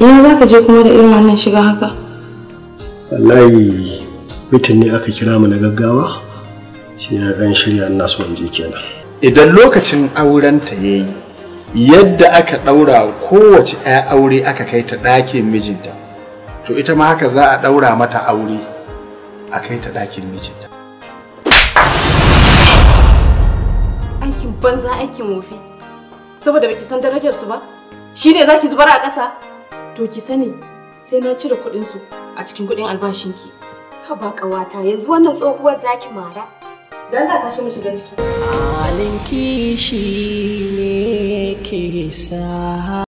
Ina za ka je kuma da irin wannan shiga haka? Wallahi mitin ne aka kira mu na gaggawa shi na ɗan shirya na so je kenan. Idan lokacin aurenta ya yi yadda aka ɗaura kowace 'ya aure aka kai ta ɗakin mijinta to ita ma haka za a ɗaura mata aure a kai ta ɗakin mijinta. Aikin banza aikin wofi saboda baki san darajar su ba? Shi shine zaki zubar a ƙasa to ki sani sai na cire kuɗin su a cikin kuɗin albashinki haba ƙawata yanzu wannan tsohuwar zaki mara dan da tashi mu shiga ciki Alinki kishi ne ke sa